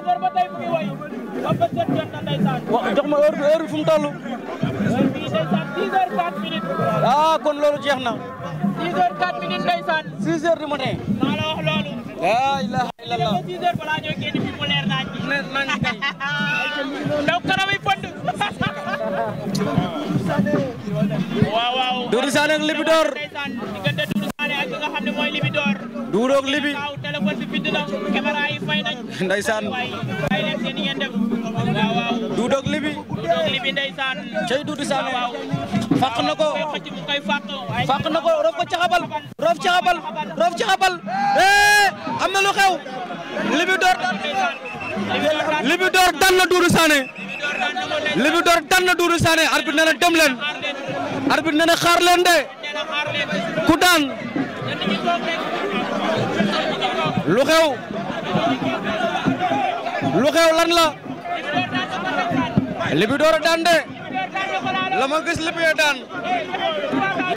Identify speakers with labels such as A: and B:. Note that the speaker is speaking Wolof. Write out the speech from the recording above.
A: César waaw
B: jox ma heure bi heure bi fu mu toll. heure ah, kon loolu jeex na.
A: 6 heures 4 minutes ndeysaan. 6 heures du matin. maa la
C: Libi. bët bind na caméra yi libi. cey duudu saan waaw.
D: fàq na ko fàq na ko roof ko caxabal. roof caxabal roof
E: libi door. libi door dan duudu saane. libi door dan duudu saane arbitre nee na dem leen. arbitre nee ku daan. lu xew lan la Libidor daan de la ma gis Libidor daan